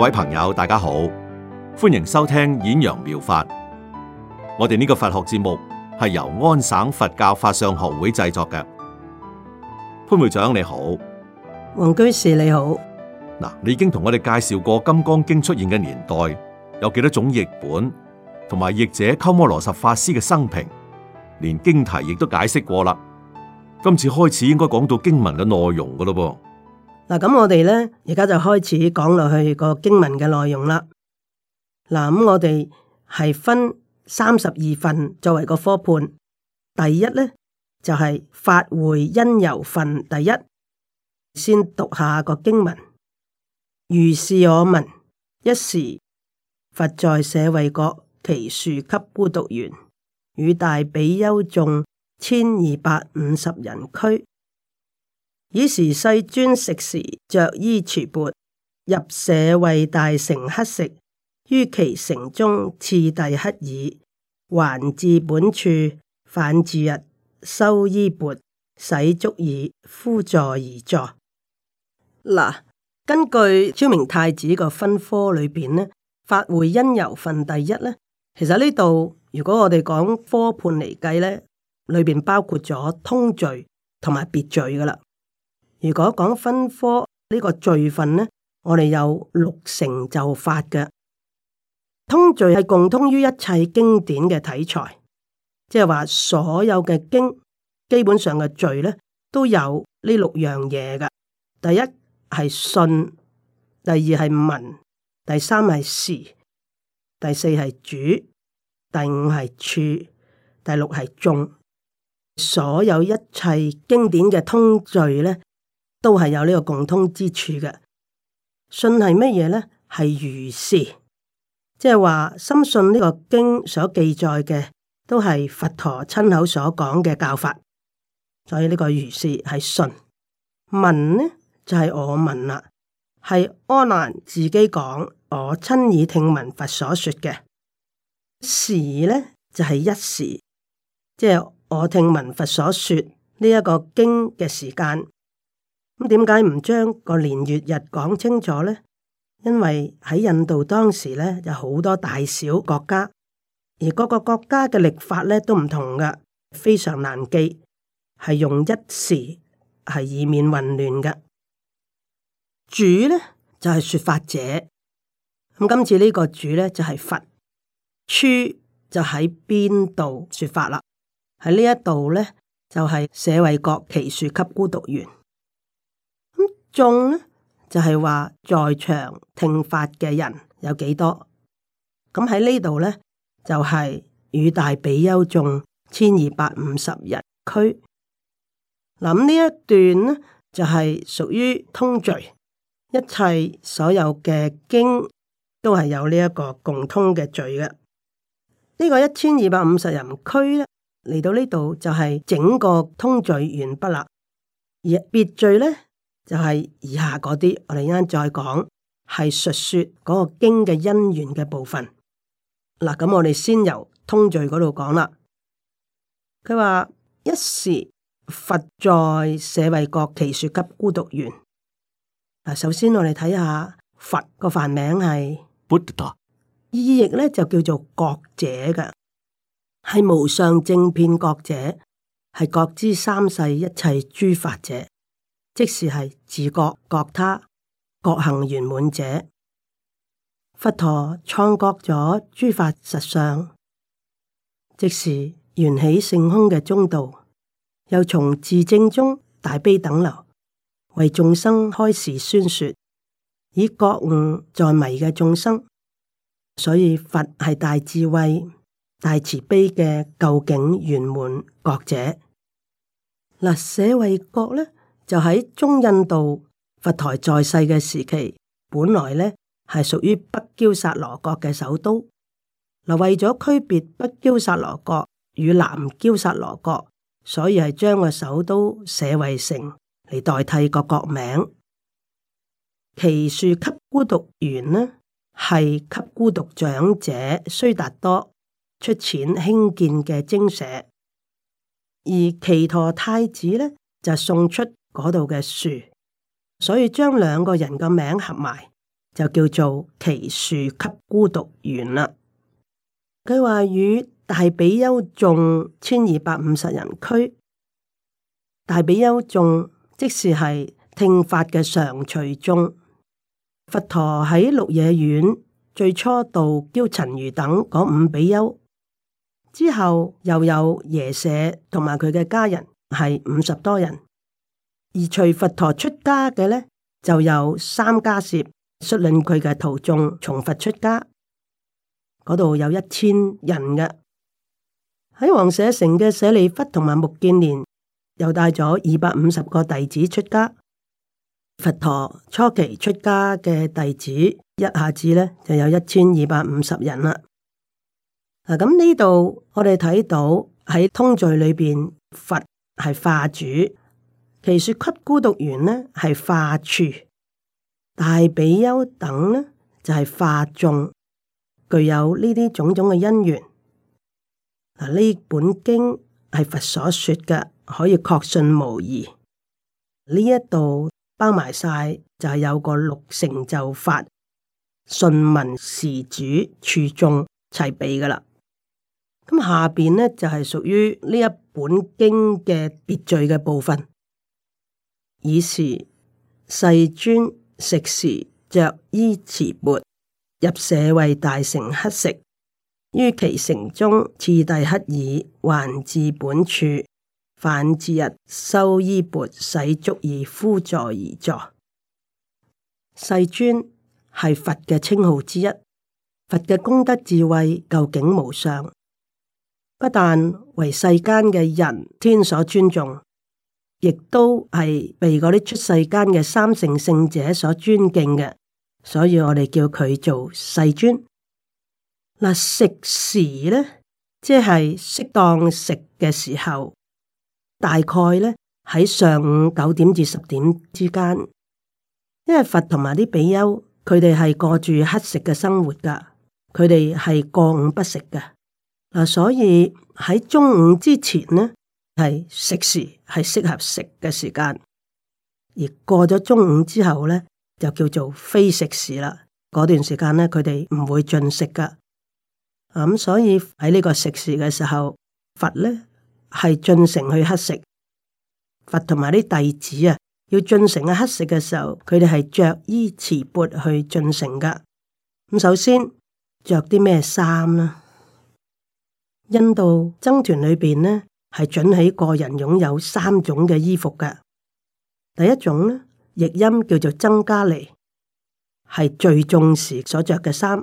各位朋友，大家好，歡迎收聽《演揚妙，妙法》。我哋呢個佛學節目係由安省佛教法相學會製作嘅。潘會長你好，王居士你好。嗱，你已經同我哋介紹過《金剛經》出現嘅年代，有幾多種譯本，同埋譯者鳩摩羅什法師嘅生平，連經題亦都解釋過啦。今次開始應該講到經文嘅內容噶咯噃。嗱，咁我哋咧，而家就開始講落去個經文嘅內容啦。嗱，咁我哋係分三十二份作為個科判，第一咧就係法會因由分，第一先讀一下個經文。如是我聞，一時佛在舍衛國祇樹給孤獨園，祇樹給孤獨園，與大比丘眾千二百五十人俱。以時世尊食時着衣持缽入舍衛大城乞食，於其城中次第乞已，還至本處，飯食訖，收衣缽，洗足已，敷座而坐。嗱，根據昭明太子個分科裏邊呢，法會因由分第一呢，其實呢度如果我哋講科判嚟計呢，裏邊包括咗通罪同埋別罪噶啦。如果講分科呢個序分呢，我哋有六成就法嘅通序係共通於一切經典嘅體裁，即係話所有嘅經基本上嘅序呢都有呢六樣嘢嘅。第一係信，第二係聞，第三係時，第四係主，第五係處，第六係眾。所有一切經典嘅通序呢，都係有呢個共通之處嘅。信係乜嘢呢？係如是，即係話深信呢個經所記載嘅，都係佛陀親口所講嘅教法。所以呢個如是係信。聞呢就係、是、我聞啦，係阿難自己講，我親耳聽聞佛所說嘅。時呢就係、是、一時，即係我聽聞佛所說呢一、這個經嘅時間。咁點解唔將個年月日講清楚呢？因為喺印度當時咧有好多大小國家，而各個國家嘅曆法咧都唔同嘅，非常難記，係用一時係以免混亂嘅。主咧就係、是、說法者，咁今次呢個主咧就係、是、佛，處就喺邊度說法啦？喺呢一度咧就係舍衛國祇樹給孤獨園。眾呢，就係、是、話在場聽法嘅人有幾多？咁喺呢度呢，就係、是、與大比丘眾千二百五十人區。嗱咁呢一段呢，就係、是、屬於通序，一切所有嘅經都係有呢一個共通嘅序嘅。呢、這個一千二百五十人區呢，嚟到呢度就係整個通序完畢啦，而別序呢。就係以下嗰啲，我哋而家再講，係述說嗰個經嘅因緣嘅部分。嗱，咁我哋先由通序嗰度講啦。佢話一時佛在舍衛國，祇樹給孤獨園。首先我哋睇下佛個梵名係 Buddha，ta. 意譯呢就叫做覺者嘅，係無上正遍覺者，係覺知三世一切諸法者。即是係自覺覺他、覺行圓滿者，佛陀創覺咗諸法實相，即是緣起性空嘅中道，又從自證中大悲等流，為眾生開示宣說，以覺悟在迷嘅眾生。所以佛係大智慧、大慈悲嘅究竟圓滿覺者。嗱，舍為覺呢？就喺中印度佛陀在世嘅時期，本來呢係屬於北嬌薩羅國嘅首都。嗱，為咗區別北嬌薩羅國與南嬌薩羅國，所以係將個首都寫為城嚟代替個國名。祇樹給孤獨園呢，係給孤獨長者須達多出錢興建嘅精舍，而祇陀太子呢就送出。嗰度嘅樹，所以將兩個人嘅名合埋就叫做祇樹給孤獨園啦。佢話與大比丘眾千二百五十人俱大比丘眾，即是係聽法嘅常隨眾。佛陀喺鹿野苑最初度叫陳如等嗰五比丘之後，又有耶舍同埋佢嘅家人係五十多人。而隨佛陀出家嘅呢，就有三迦葉率領佢嘅徒眾從佛出家，嗰度有一千人嘅。喺王舍城嘅舍利弗同埋目犍連又帶咗二百五十個弟子出家，佛陀初期出家嘅弟子一下子呢，就有一千二百五十人啦。嗱、啊，咁呢度我哋睇到喺通序裏邊，佛係化主。其說給孤獨園呢，係化處。大比丘等呢，就係、是、化眾，具有呢啲種種嘅因緣。嗱，呢本經係佛所說嘅，可以確信無疑。呢一度包埋晒就係、是、有個六成就法，信聞事主處眾齊備噶啦。咁下邊呢就係、是、屬於呢一本經嘅別序嘅部分。以時世尊食時着衣持缽入舍衛大城乞食，於其城中次第乞已，還至本處，飯食日收衣缽，使足以助而敷座而坐。世尊係佛嘅稱號之一，佛嘅功德智慧究竟無上，不但為世間嘅人天所尊重。亦都係被嗰啲出世間嘅三乘聖者所尊敬嘅，所以我哋叫佢做世尊。嗱，食時呢，即係適當食嘅時候，大概呢喺上午九點至十點之間，因為佛同埋啲比丘佢哋係過住乞食嘅生活噶，佢哋係過午不食噶嗱，所以喺中午之前呢，係食時係適合食嘅時間，而過咗中午之後呢，就叫做非食時啦。嗰段時間呢，佢哋唔會進食噶。咁、嗯、所以喺呢個食時嘅時候，佛呢係進城去乞食。佛同埋啲弟子啊，要進城去乞食嘅時候，佢哋係着衣持鉢去進城噶。咁、嗯、首先着啲咩衫呢？印度僧團裏邊呢？係准許個人擁有三種嘅衣服嘅。第一種呢，譯音叫做僧伽梨，係最重時所着嘅衫，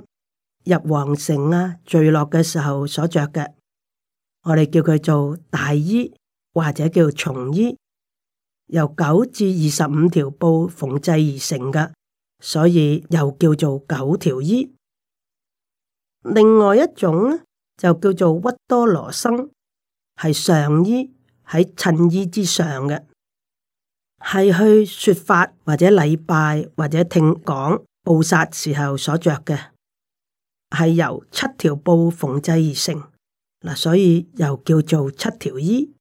入皇城啊，聚落嘅時候所着嘅。我哋叫佢做大衣，或者叫重衣，由九至二十五條布縫製而成嘅，所以又叫做九條衣。另外一種呢，就叫做鬱多羅僧。係上衣，喺襯衣之上嘅，係去說法或者禮拜或者聽講布薩時候所着嘅，係由七條布縫製而成，嗱，所以又叫做七條衣。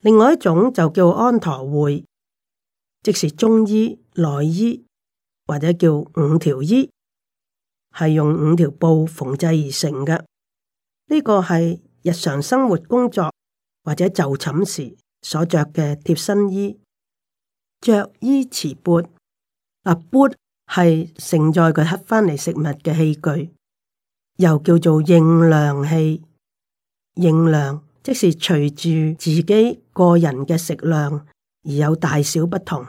另外一種就叫安陀會，即是中衣內衣或者叫五條衣，係用五條布縫製而成嘅，呢、呢個係。日常生活工作或者就寢時所着嘅貼身衣，着衣持鉢，嗱，鉢係承載佢乞返嚟食物嘅器具，又叫做應量器。應量即是隨住自己個人嘅食量而有大小不同。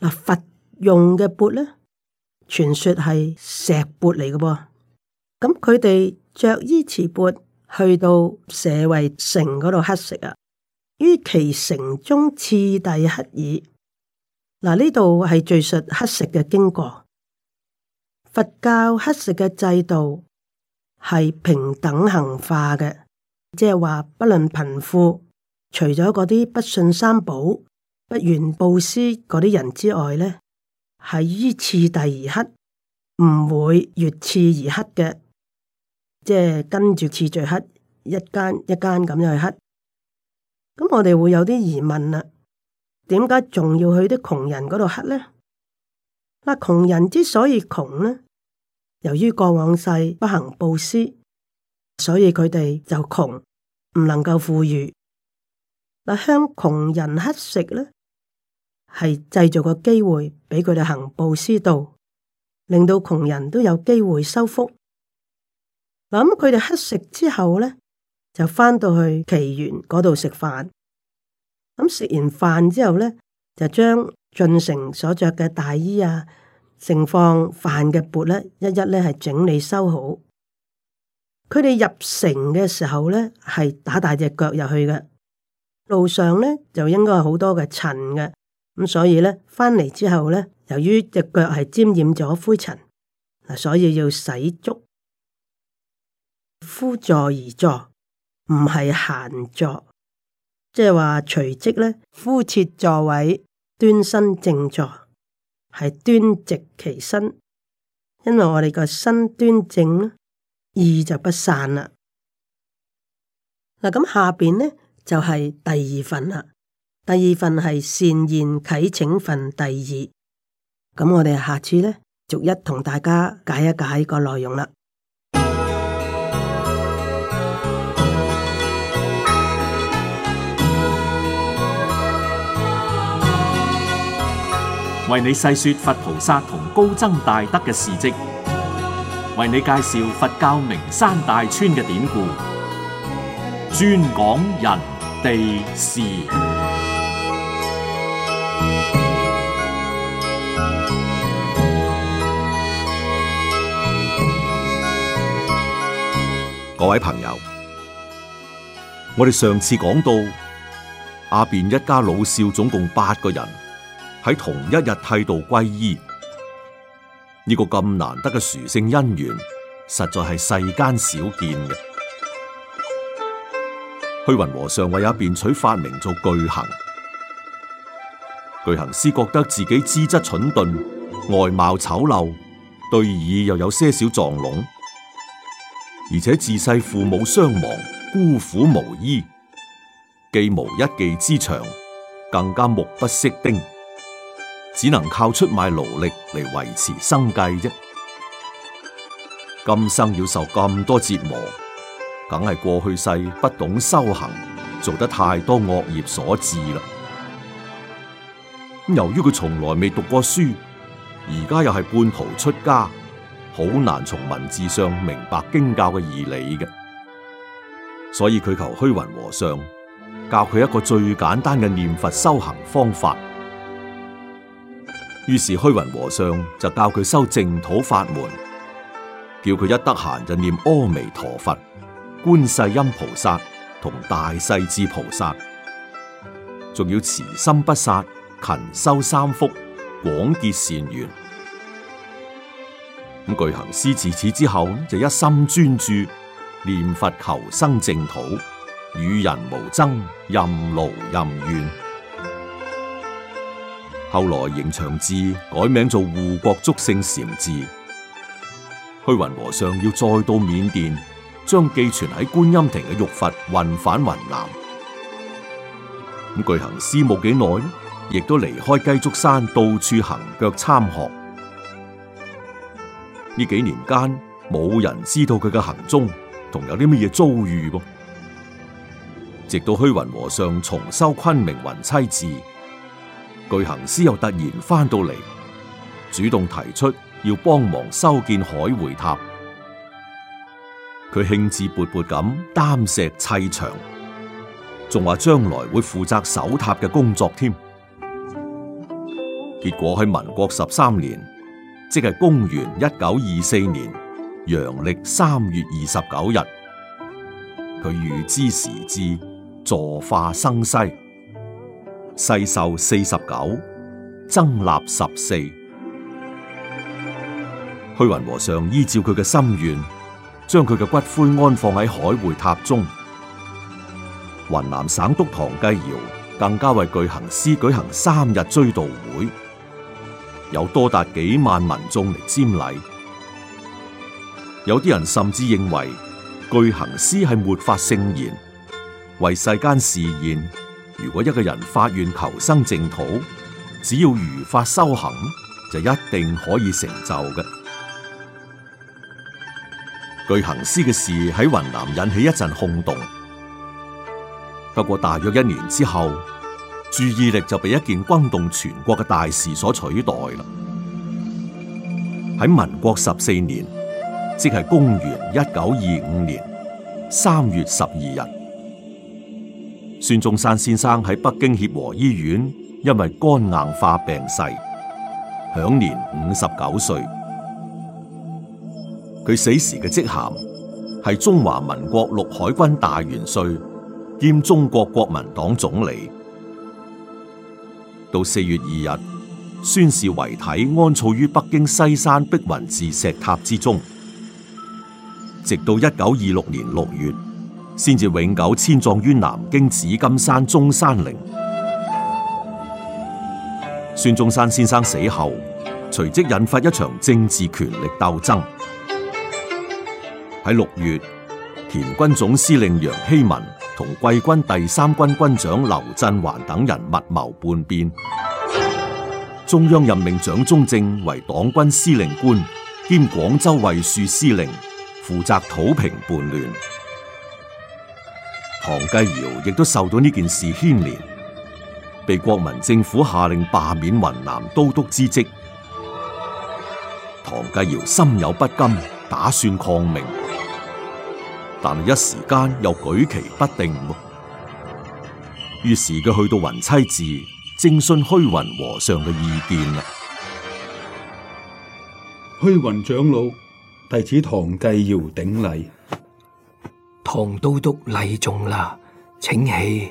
嗱，佛用嘅鉢呢，傳說係石鉢嚟嘅噃，咁佢哋着衣持鉢。去到舍衛城嗰度乞食啊。於其城中次第乞已。嗱，呢度係敘述乞食嘅經過。佛教乞食嘅制度係平等行化嘅，即係話不論貧富，除咗嗰啲不信三寶、不願布施嗰啲人之外，呢係依次第而乞，唔會越次而乞嘅。即係跟住次序乞，一間一間咁樣去乞，咁我哋會有啲疑問啦。點解仲要去啲窮人嗰度乞呢？嗱，窮人之所以窮呢，由於過往世不行布施，所以佢哋就窮，唔能夠富裕。嗱，向窮人乞食呢，係製造個機會俾佢哋行布施道，令到窮人都有機會收福。嗱，咁佢哋乞食之後呢，就返到去祇園嗰度食飯。咁食完飯之後呢，就將進城所着嘅大衣啊、盛放飯嘅缽呢，一一呢係整理收好。佢哋入城嘅時候呢，係打大隻腳入去嘅。路上呢，就應該有好多嘅塵嘅，咁所以呢，返嚟之後呢，由於隻腳係沾染咗灰塵，所以要洗足。敷座而坐，唔係閒坐，就是，隨即係話隨即咧，敷設座位，端身正坐，係端直其身。因為我哋個身端正咧，意就不散啦。嗱、啊、咁、嗯、下邊咧就係、是、第二份啦。第二份係善現啟請分第二，咁、嗯、我哋下次咧，逐一同大家解一解一個內容啦。為你細說佛菩薩同高僧大德嘅事跡，為你介紹佛教名山大川嘅典故，專講人地事。各位朋友，我哋上次講到，阿邊一家老少總共八個人。喺同一日剃度皈依，呢個咁難得嘅殊勝因緣，實在係世間少見嘅。虛雲和尚為也便取法名做巨行。巨行師覺得自己資質蠢鈍，外貌醜陋，對耳又有些少撞聾，而且自細父母雙亡，孤苦無依，既無一技之長，更加目不識丁，只能靠出賣勞力嚟維持生計啫，今生要受咁多折磨，梗係過去世不懂修行，做得太多惡業所致啦。咁由於佢從來未讀過書，而家又係半途出家，好難從文字上明白經教嘅義理嘅，所以佢求虛雲和尚教佢一個最簡單嘅念佛修行方法。於是虛雲和尚就教佢修淨土法門，叫佢一得閒就念阿彌陀佛、觀世音菩薩同大勢至菩薩，仲要慈心不殺、勤修三福、廣結善緣。咁具行師自此之後就一心專注念佛求生淨土，與人無爭，任勞任怨。後來，迎祥寺改名做護國祝聖禪寺。虛雲和尚要再到緬甸，將寄存喺觀音亭嘅玉佛運返雲南。咁，具行師冇幾耐，亦都離開雞足山，到處行腳參學。呢幾年間，冇人知道佢嘅行蹤，同有啲乜嘢遭遇噃。直到虛雲和尚重修昆明雲棲寺。具行師又突然翻到嚟，主動提出要幫忙修建海會塔。佢興致勃勃咁擔石砌牆，仲話將來會負責守塔嘅工作添。結果喺民國十三年，即係公元一九二四年陽曆三月二十九日，佢預知時至，坐化生西。世壽四十九，僧臘十四。虛雲和尚依照佢嘅心願，將佢嘅骨灰安放喺海會塔中。雲南省督唐繼堯更加為巨行師舉行三日追悼會，有多達幾萬民眾嚟瞻禮。有啲人甚至認為巨行師係沒法聖言，為世間示現。如果一個人發願求生淨土，只要如法修行，就一定可以成就嘅。具行師嘅事喺雲南引起一陣轟動，不過大約一年之後，注意力就被一件轟動全國嘅大事所取代啦。喺民國十四年，即係公元一九二五年三月十二日。孫中山先生喺北京協和醫院，因為肝硬化病逝，享年五十九歲。佢死時嘅職銜係中華民國陸海軍大元帥兼中國國民黨總理。到四月二日，孫氏遺體安葬於北京西山碧雲寺石塔之中，直到一九二六年六月。先至永久遷葬於南京紫金山中山陵。孫中山先生死後，隨即引發一場政治權力鬥爭。喺六月，田軍總司令楊希閔同桂軍第三軍軍長劉震寰等人密謀叛變。中央任命蔣中正為黨軍司令官兼廣州衛戍司令，負責討平叛亂。唐繼堯亦都受到呢件事牽連，被國民政府下令罷免雲南都督之職。唐繼堯心有不甘，打算抗命，但係一時間又舉棋不定。於是佢去到雲棲寺，徵詢虛雲和尚嘅意見啦。虛雲長老，弟子唐繼堯頂禮。唐都督禮重啦，請起。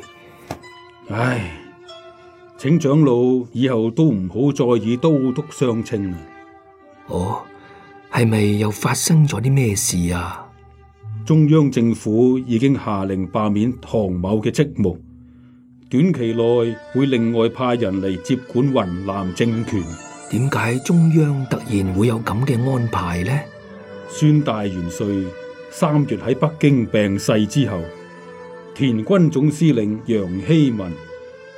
唉，請長老以後都唔好再以都督相稱啦。哦，係咪又發生咗啲咩事啊？中央政府已經下令罷免唐某嘅職務，短期內會另外派人嚟接管雲南政權。點解中央突然會有咁嘅安排呢？孫大元帥。三月喺北京病逝之後，田軍總司令楊希閔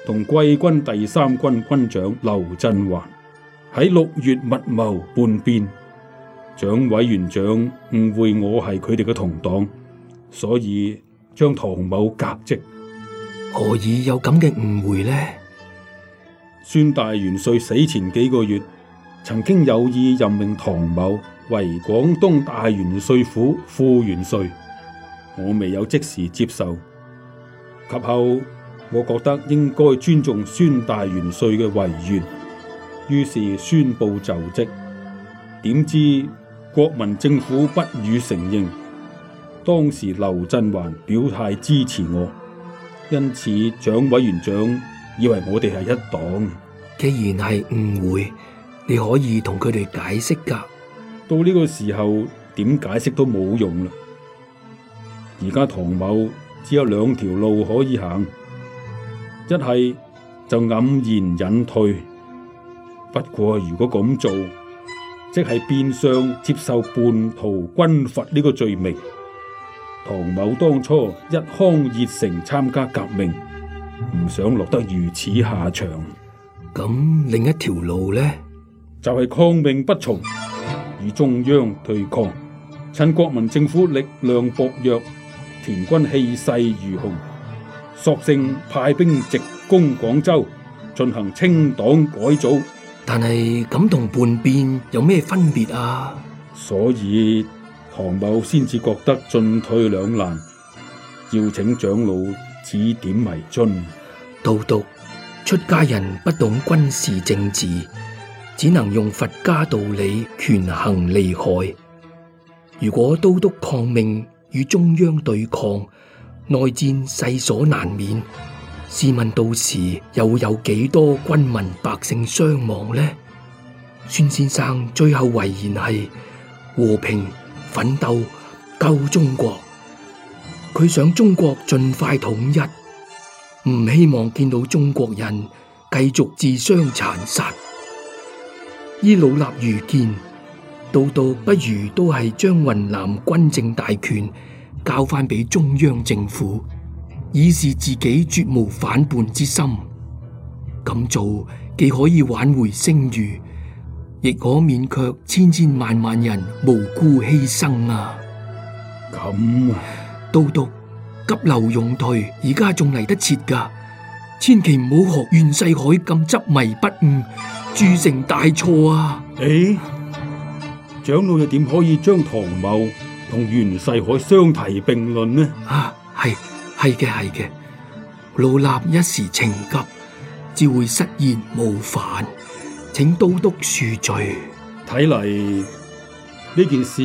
同桂軍第三軍軍長劉震寰喺六月密謀叛變，蔣委員長誤會我係佢哋嘅同黨，所以將唐某革職。何以有咁嘅誤會呢？孫大元帥死前幾個月，曾經有意任命唐某。為廣東大元帥府副元帥，我未有即時接受。及後我覺得應該尊重孫大元帥嘅遺願，於是宣布就職。點知國民政府不予承認。當時劉振環表態支持我，因此蔣委員長以為我哋係一黨。既然係誤會，你可以同佢哋解釋㗎。到呢個時候，點解釋都冇用啦。而家唐某只有兩條路可以行，一係就黯然隱退。不過如果咁做，即係變相接受叛徒軍閥呢個罪名。唐某當初一腔熱誠參加革命，唔想落得如此下場。咁另一條路呢，就係抗命不從。與中央對抗，趁國民政府力量薄弱，田軍氣勢如虹，索性派兵直攻廣州，進行清黨改組。但係咁同叛變有咩分別啊？所以唐某先至覺得進退兩難，要請長老指點迷津。道道，出家人不懂軍事政治。只能用佛家道理權衡利害。如果都督抗命與中央對抗，內戰勢所難免。試問到時又有幾多軍民百姓傷亡呢？孫先生最後遺言係：和平奮鬥救中國。佢想中國盡快統一，唔希望見到中國人繼續自相殘殺。依老衲愚見，杜度不如都係將雲南軍政大權交翻俾中央政府，以示自己絕無反叛之心。咁做既可以挽回聲譽，亦可免卻千千萬萬人無辜犧牲啊！咁啊，杜度急流勇退，而家仲嚟得切㗎。千祈唔好學袁世凱咁執迷不悟，鑄成大錯啊！誒，長老又點可以將唐某同袁世凱相提並論呢？啊，係係嘅係嘅，老衲一時情急，只會失言冒犯，請都督恕罪。睇嚟呢件事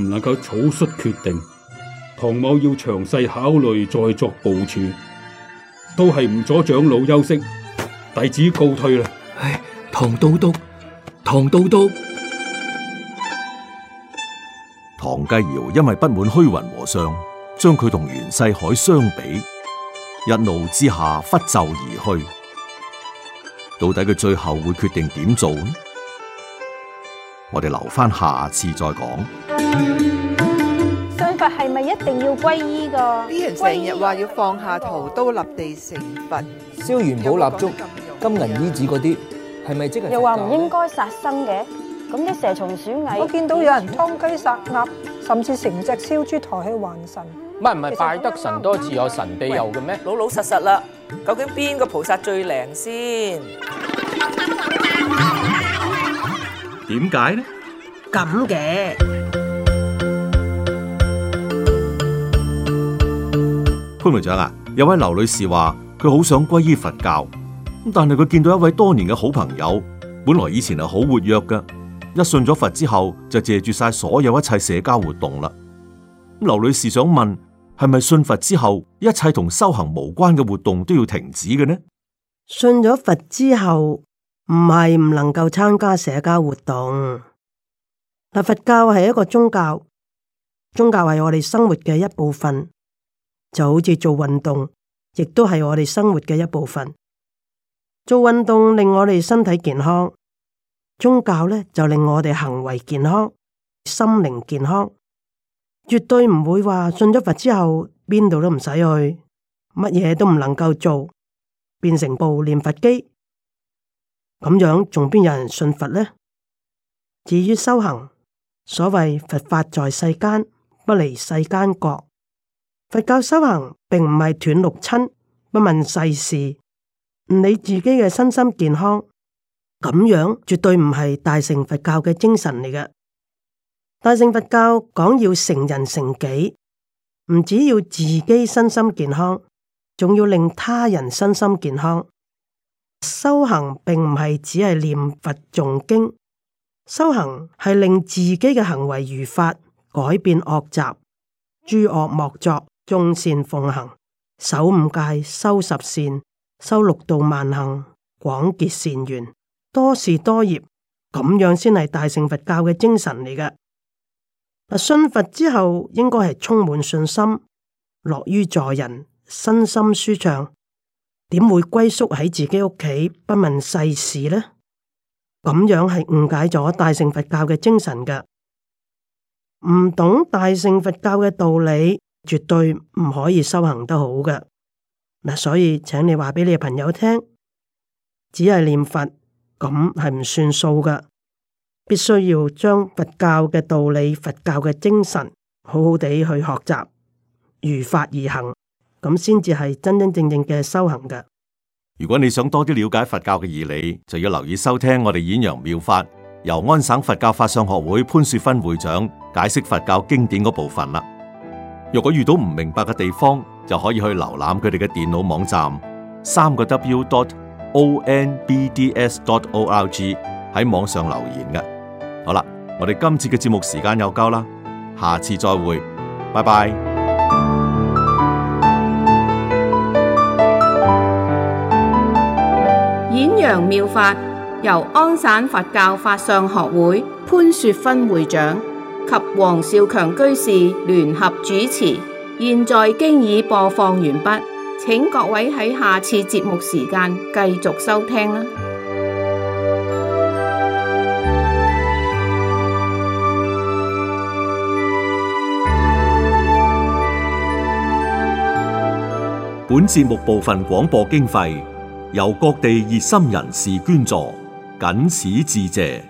唔能夠草率決定，唐某要詳細考慮再作部署。都係唔阻長老休息，弟子告退啦。唉、哎，唐都督，唐都督，唐繼堯因為不滿虛雲和尚，將佢同袁世凱相比，一怒之下拂袖而去。到底佢最後會決定點做呢？我哋留翻下，下次再講。嗯係咪一定要皈依噶？啲人成日話要放下屠刀立地成佛，燒元寶蠟燭、金銀衣紙嗰啲，係咪即係？又話唔應該殺生嘅，咁啲蛇蟲鼠蟻，我見到有人劏雞殺鴨，甚至成隻燒豬抬去還神。唔係唔係，拜得神多自有神庇佑嘅咩？老老實實啦，究竟邊個菩薩最靈先？點解呢？咁嘅。潘會長啊，有位劉女士話佢好想歸依佛教，但係佢見到一位多年嘅好朋友，本來以前係好活躍噶，一信咗佛之後就謝絕晒所有一切社交活動啦。咁劉女士想問，係咪信佛之後，一切同修行無關嘅活動都要停止嘅呢？信咗佛之後，唔係唔能夠參加社交活動。嗱，佛教係一個宗教，宗教係我哋生活嘅一部分。就好似做運動，亦都係我哋生活嘅一部分。做運動令我哋身體健康，宗教咧就令我哋行為健康、心靈健康。絕對唔會話信咗佛之後邊度都唔使去，乜嘢都唔能夠做，變成部念佛機，咁樣仲邊有人信佛呢？至於修行，所謂佛法在世間，不離世間覺。佛教修行並唔係斷六親，不問世事，唔理自己嘅身心健康，咁樣絕對唔係大乘佛教嘅精神嚟嘅。大乘佛教講要成人成己，唔止要自己身心健康，仲要令他人身心健康。修行並唔係只係念佛誦經，修行係令自己嘅行為如法，改變惡習，諸惡莫作，眾善奉行，守五戒，修十善，修六度萬行，廣結善緣，多事多業，咁樣先係大乘佛教嘅精神嚟噶。信佛之後，應該係充滿信心，樂於助人，身心舒暢，點會龜縮喺自己屋企，不問世事呢？咁樣係誤解咗大乘佛教嘅精神噶，唔懂大乘佛教嘅道理。絕對唔可以修行得好嘅嗱，所以請你話俾你嘅朋友聽，只係念佛咁係唔算數㗎，必須要將佛教嘅道理、佛教嘅精神好好地去學習，如法而行，咁先至係真真正正嘅修行嘅。如果你想多啲了解佛教嘅義理，就要留意收聽我哋演揚妙法，由安省佛教法相學會潘雪芬會長解釋佛教經典嗰部分啦。如果遇到唔明白嘅地方，就可以去瀏覽佢哋嘅電腦網站，三個 W dot O N B D S dot O R G，喺網上留言嘅。好啦，我哋今次嘅節目時間又夠啦，下次再會，拜拜。演揚妙法由安省佛教法相學會潘雪芬會長及黃少強居士聯合主持，現在經已播放完畢，請各位喺下次節目時間繼續收聽啦。本節目部分廣播經費由各地熱心人士捐助，謹此致謝。